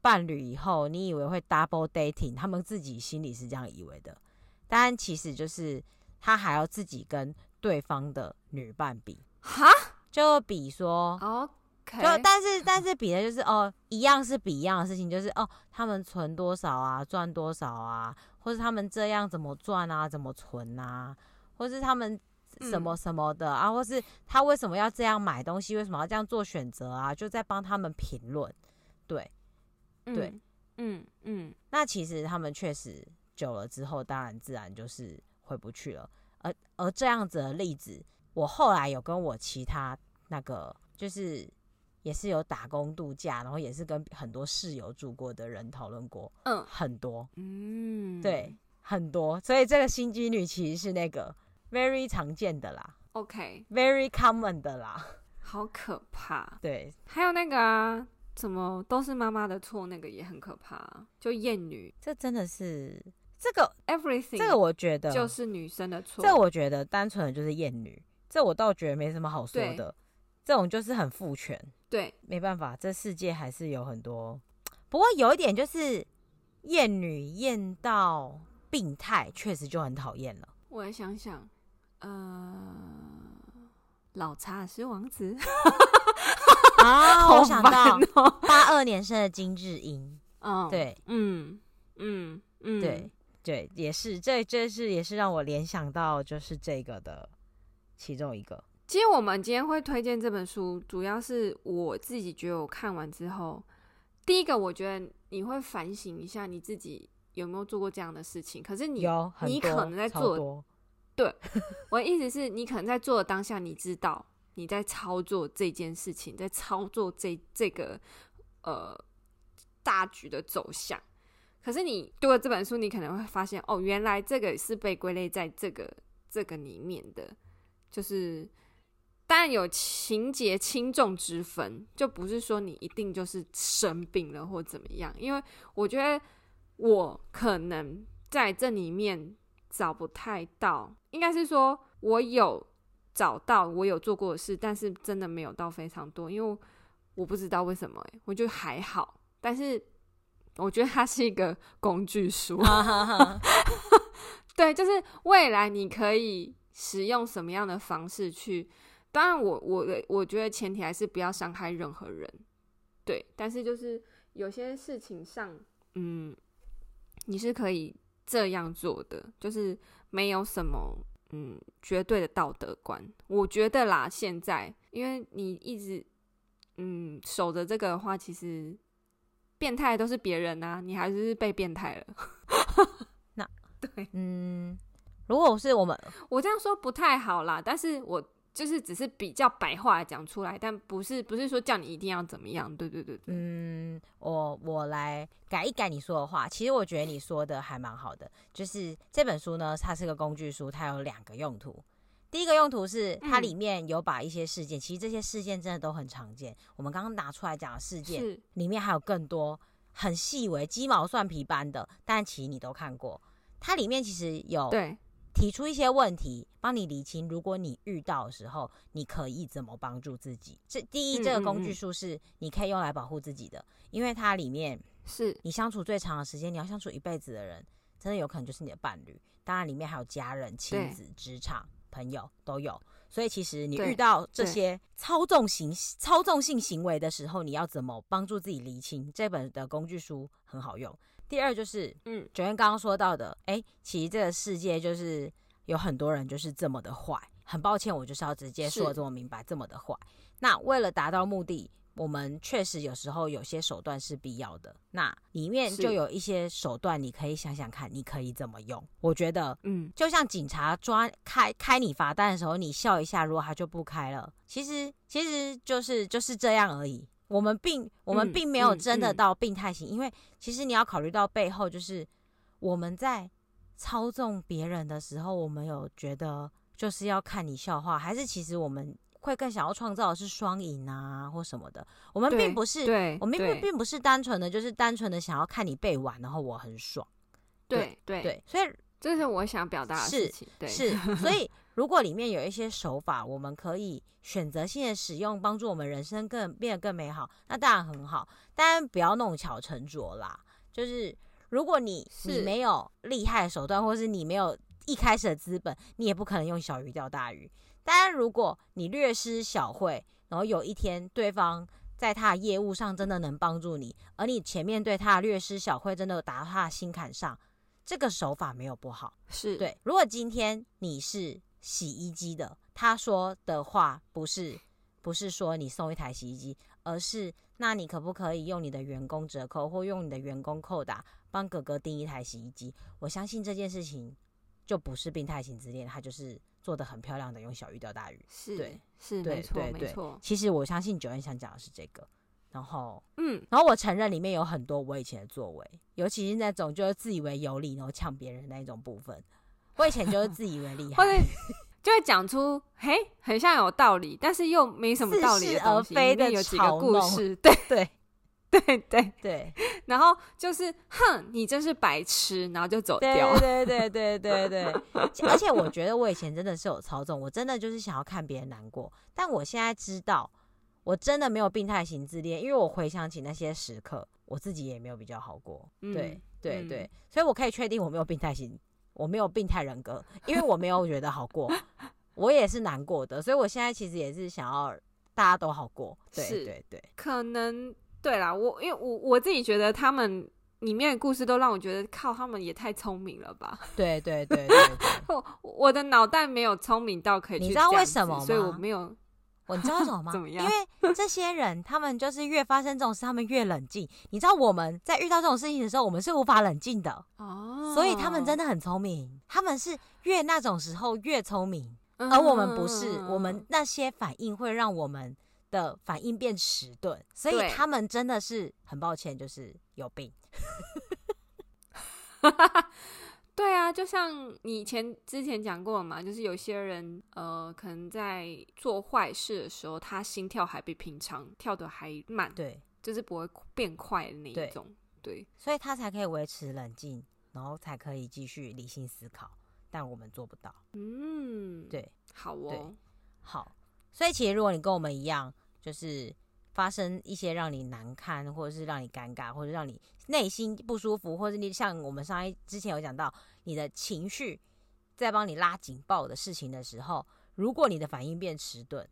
伴侶以後，你以為會 double dating，他們自己心裡是這樣以為的。但其實就是他還要自己跟對方的女伴比哈，就比說，OK，就但是但是比的就是哦，一樣是比一樣的事情，就是哦，他們存多少啊，賺多少啊，或是他們這樣怎麼賺啊，怎麼存啊，或是他們什麼什麼的啊，或是他為什麼要這樣買東西，為什麼要這樣做選擇啊，就在幫他們評論，對，對，嗯，嗯嗯，那其實他們確實。久了之後，當然自然就是回不去了。而而這樣子的例子，我後來有跟我其他那個，就是也是有打工度假，然後也是跟很多室友住過的人討論過，嗯，很多，嗯，
對，
很多。所以這個心機女其實是那個 very 常見的啦
，OK，very
common 的啦，好可怕。對，
還有那個啊，怎麼都是媽媽的錯，那個也很可怕啊。就厭女，
這真的是。這個 everything，這個我覺得就是
女生的錯。這個、我
覺得單純的，就是厭女。這個、我倒覺得沒什麼好說的。這種就是很父權。對，沒辦法，這世界還是有很多。不過有一點就是，厭女厭到病態，確實就很討厭了。
我來想想，
呃，老查爾斯王子啊、 哦 哦，我想到八二年生的金智英。 哦。對，嗯嗯嗯，對。對，也是，這這是也是讓我聯想到就是這個的其中一個。
其實我們今天會推薦這本書，主要是我自己覺得我看完之後，第一個我覺得你會反省一下你自己有沒有做過這樣的事情。可是你有，你可能在做。對 我的意思是你可能在做的當下，你知道你在操作這件事情，在操作這這個呃大局的走向。可是你讀了這本書，你可能會發現，哦，原來這個是被歸類在這個這個裡面的，就是當然有情節輕重之分，就不是說你一定就是生病了或怎麼樣。因為我覺得我可能在這裡面找不太到，應該是說我有找到我有做過的事，但是真的沒有到非常多，因為我不知道為什麼、欸，我就還好，但是。我覺得它是一個工具書 對，就是未來你可以使用什麼樣的方式去。當然我，我我我覺得前提還是不要傷害任何人，對。但是就是有些事情上，嗯，你是可以這樣做的，就是沒有什麼嗯絕對的道德觀。我覺得啦，現在因為你一直嗯守着這個的話，其實。變態都是別人啊，你還是被變態了。 那
對，嗯，如果是我們，
我這樣說不太好啦，但是我就是只是比較白話講出來，但不是不是說叫你一定要怎麼樣，
對對對，對，嗯，我我來改一改你說的話。其實我覺得你說的還蠻好的，就是這本書呢，它是個工具書，它有兩個用途。第一個用途是，它裡面有把一些事件、嗯，其實這些事件真的都很常見。我們剛剛拿出來講的事件，裡面還有更多很細微、雞毛蒜皮般的，但其實你都看過。它裡面其實有提出一些問題，幫你理清。如果你遇到的時候，你可以怎麼幫助自己？這第一，這個工具書是你可以用來保護自己的，嗯嗯嗯，因為它裡面是你相處最長的時間，你要相處一輩子的人，真的有可能就是你的伴侶。當然，裡面還有家人、親子、職場。朋友都有，所以其實你遇到這些操縱行、操縱性行為的時候，你要怎麼幫助自己釐清？這本的工具書很好用。第二就是，嗯，昨天剛剛說到的，誒、欸，其實這個世界就是有很多人就是這麼的壞。很抱歉，我就是要直接說這麼明白、這麼的壞。那為了達到目的，我們確實有時候有些手段是必要的，那裡面就有一些手段，你可以想想看，你可以怎麼用。我覺得，嗯，就像警察抓開開你罰單的時候，你笑一下，如果他就不開了。其實，其實就是就是這樣而已。我們並我們並沒有真的到病態型，嗯，嗯，嗯，因為其實你要考慮到背後，就是我們在操縱別人的時候，我們有覺得就是要看你笑話，還是其實我們。會更想要創造的是雙贏啊，或什麼的。我們並不是，對我們並，並並不是單純的，就是單純的想要看你背完，然後我很爽對。對對，對，對，所以這是我想表
達的事情是對是。是，所以
如果裡面有一些手法，我們可以選擇性的使用，幫 助我們人生更變得更美好，那當然很好，但不要弄巧成拙啦。就是如果你你沒有厲害的手段，或是你沒有一開始的資本，你也不可能用小魚釣大魚。當然，如果你略施小惠，然後有一天對方在他的業務上真的能幫助你，而你前面對他略施小惠真的有打到他的心坎上，這個手法沒有不好。是對。如果今天你是洗衣機的，他說的話不是，不是說你送一台洗衣機，而是那你可不可以用你的員工折扣或用你的員工扣打幫哥哥訂一台洗衣機？我相信這件事情就不是病態型自戀，他就是。做得很漂亮的，用小魚釣大魚，是對，是，對，沒錯對，沒錯對。其實我相信久安想講的是這個，然後，嗯，然後我承認裡面有很多我以前的作為，尤其是那種就是自以為有理，然後嗆別人那一種部分，我以前就是自以為厲害，
或就會講出嘿，很像有道理，但是又沒什麼道理似是而非的有幾個故事，對對。對對對對，然後就是哼，你真是白痴，然後就走掉。對對對對對對，對，對， 而且我
覺得我以前真的是有操縱，我真的就是想要看別人難過。但我現在知道，我真的沒有病態型自戀，因為我回想起那些時刻，我自己也沒有比較好過。嗯、對對對、嗯，所以我可以確定我沒有病態型，我沒有病態人格，因為我沒有覺得好過， 我也是難過的。所以我現在其實也是想要大家都好過。對對對，
可能。對啦，我因為我我自己覺得他們裡面的故事都讓我覺得靠他們也太聰明了吧？
對對對，對，對，對 我，
我我的腦袋沒有聰明到可以，你知道為什麼？所以我沒有，你知道為什
麼嗎？我知道什麼嗎？ 怎麼樣？因為這些人他們就是越發生這種事，他們越冷靜。 你知道我們在遇到這種事情的時候，我們是無法冷靜的哦、oh。所以他們真的很聰明，他們是越那種時候越聰明，而我們不是、oh，我們那些反應會讓我們。的反應變遲鈍，所以他們真的是很抱歉，就是有病。
對啊，就像你前之前講過嘛，就是有些人呃，可能在做壞事的時候，他心跳還比平常跳得還慢，對，就是不會變快的那一種，
對，對，所以他才可以維持冷靜，然後才可以繼續理性思考，但我們做不到。
嗯，對，
好哦，好，所以其實如果你跟我們一樣。就是發生一些讓你難堪，或者是讓你尷尬，或者讓你內心不舒服，或是你像我們上一之前有講到，你的情緒在幫你拉警報的事情的時候，如果你的反應變遲鈍，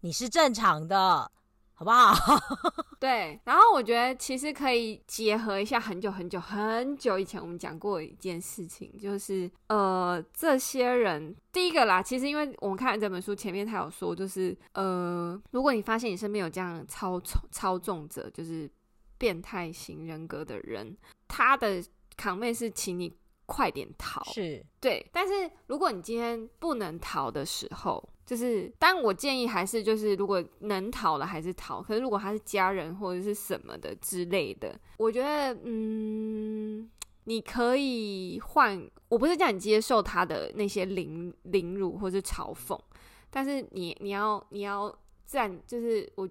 你是正常的。好不好？
對，然後我覺得其實可以結合一下，很久很久很久以前我們講過一件事情，就是呃，這些人第一個啦，其實因為我們看了這本書前面他有說，就是呃，如果你發現你身邊有這樣操縱操縱者，就是變態型人格的人，他的扛妹是請你快點逃，是對，但是如果你今天不能逃的時候。就是，但我建議還是就是，如果能逃了還是逃。可是如果他是家人或者是什麼的之類的，我覺得，嗯，你可以換。我不是叫你接受他的那些凌凌辱或者嘲諷，但是你你要你要站，就是我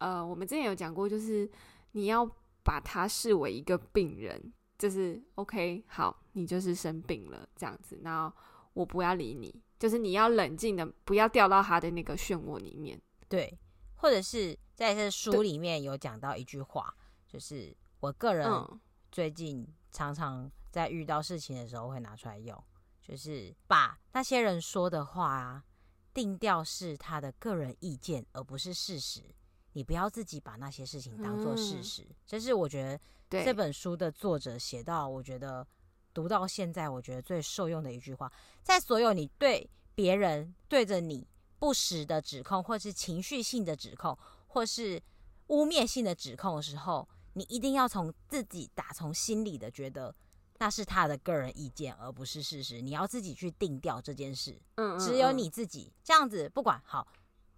呃，我們之前有講過，就是你要把他視為一個病人，就是 OK，好，你就是生病了這樣子，那我不要理你。就是你要冷靜的，不要掉到他的那個漩渦裡
面。對，或者是在這書裡面有講到一句話，就是我個人最近常常在遇到事情的時候會拿出來用，嗯、就是把那些人說的話啊定調是他的個人意見，而不是事實。你不要自己把那些事情當做事實。這、嗯，就是我覺得這本書的作者寫到，我覺得。讀到現在，我覺得最受用的一句話，在所有你對別人對着你不實的指控，或是情緒性的指控，或是污蔑性的指控的時候，你一定要從自己打從心裡的覺得，那是他的個人意見，而不是事實。你要自己去定調這件事。嗯，只有你自己這樣子，不管好，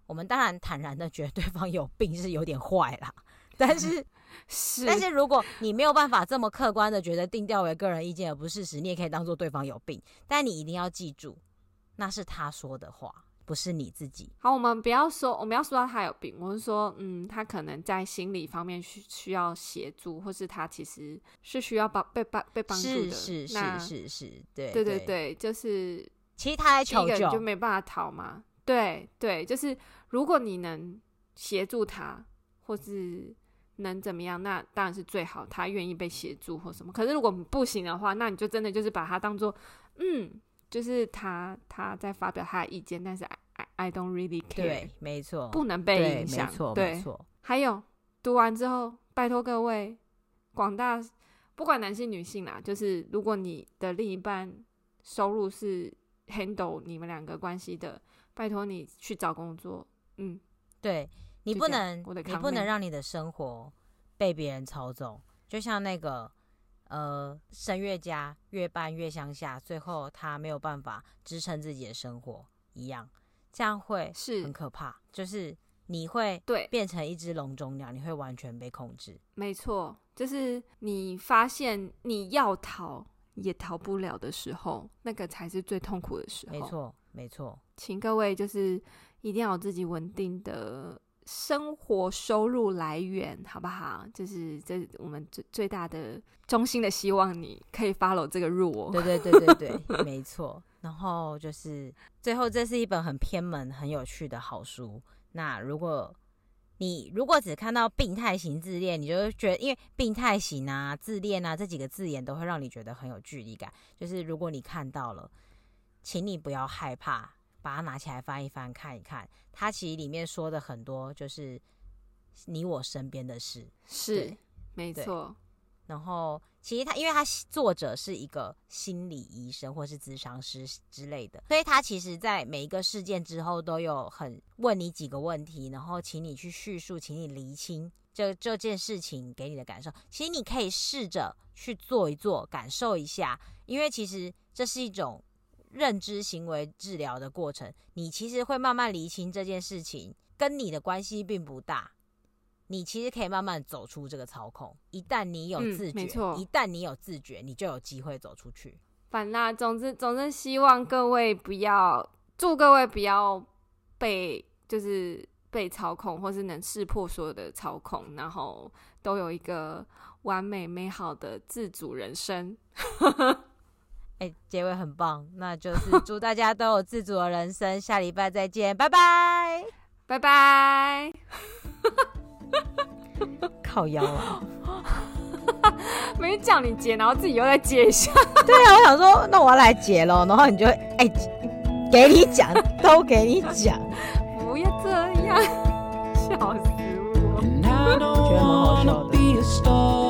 我們當然坦然的覺得對方有病是有點壞啦，但是。 是，但是如果你沒有辦法這麼客觀的覺得定調為個人意見，而不是事實，你也可以當做對方有病。但你一定要記住，那是他說的話，不是你自己。好，我們不要
說我們要說到他有病，我是說，嗯，他可能在心理方面需需要協助，或是他其實是需要幫被幫被幫助的。是是是是，是，是對對對對，就是其實他在求救就沒辦法逃嘛。對對，就是如果你能協助他，或是。能怎麼樣？那當然是最好，他願意被協助或什麼。可是如果不行的話，那你就真的就是把他當做，嗯，就是他他在發表他的意見，但是 I I don't really care。對，沒錯，不能被影響。對，沒錯，還有，讀完之後，拜託各位廣大，不管男性女性啦，就是如果你的另一半收入是 handle 你們兩個關係的，拜託你去找工作。
嗯，對。你不能，你不能讓你的生活被別人操縱。就像那個呃，聲樂家越搬越鄉下，最後他沒有辦法支撐自己的生活一樣，這樣會是很可怕。就是你會對變成一隻籠中鳥，你會完全被控制。沒錯，
就是你發現你要逃也逃不了的時候，那個才是最痛苦的時候。沒錯，沒錯，請各位就是一定要有自己穩定的生活收入來源好不好？就是這是我們最最大的衷心的希望，你可以 follow 這個入哦。對對對對對，
沒錯。然後就是最後，這是一本很偏門、很有趣的好書。那如果你如果只看到病態型自戀，你就覺得因為病態型啊、自戀啊這幾個字眼都會讓你覺得很有距離感。就是如果你看到了，請你不要害怕。把它拿起來翻一翻，看一看，它其實裡面說的很多就是你我身邊的事，是沒錯。然後其實它，因為它作者是一個心理醫生或是諮商師之類的，所以他其實在每一個事件之後都有很問你幾個問題，然後請你去敘述，請你釐清這這件事情給你的感受。其實你可以試着去做一做，感受一下，因為其實這是一種。認知行為治療的過程，你其實會慢慢理清這件事情跟你的關係並不大。你其實可以慢慢走出這個操控。一旦你有自覺，嗯、一旦你有自覺，你就有機會走出去。
反啦，總之，總之，希望各位不要，祝各位不要被就是被操控，或是能識破所有的操控，然後都有一個
完美美好的自主人生。 哎、欸，結尾很棒，那就是祝大家都有自主的人生。 下禮拜再見，拜拜，拜拜。 靠腰、啊，
沒叫你接，然後自己又來接一下。 對啊，我
想說，那我要來接嘍，然後你就哎、欸，給你講，都給你講。
不要這
樣，笑死我！ 我覺得蠻好笑的。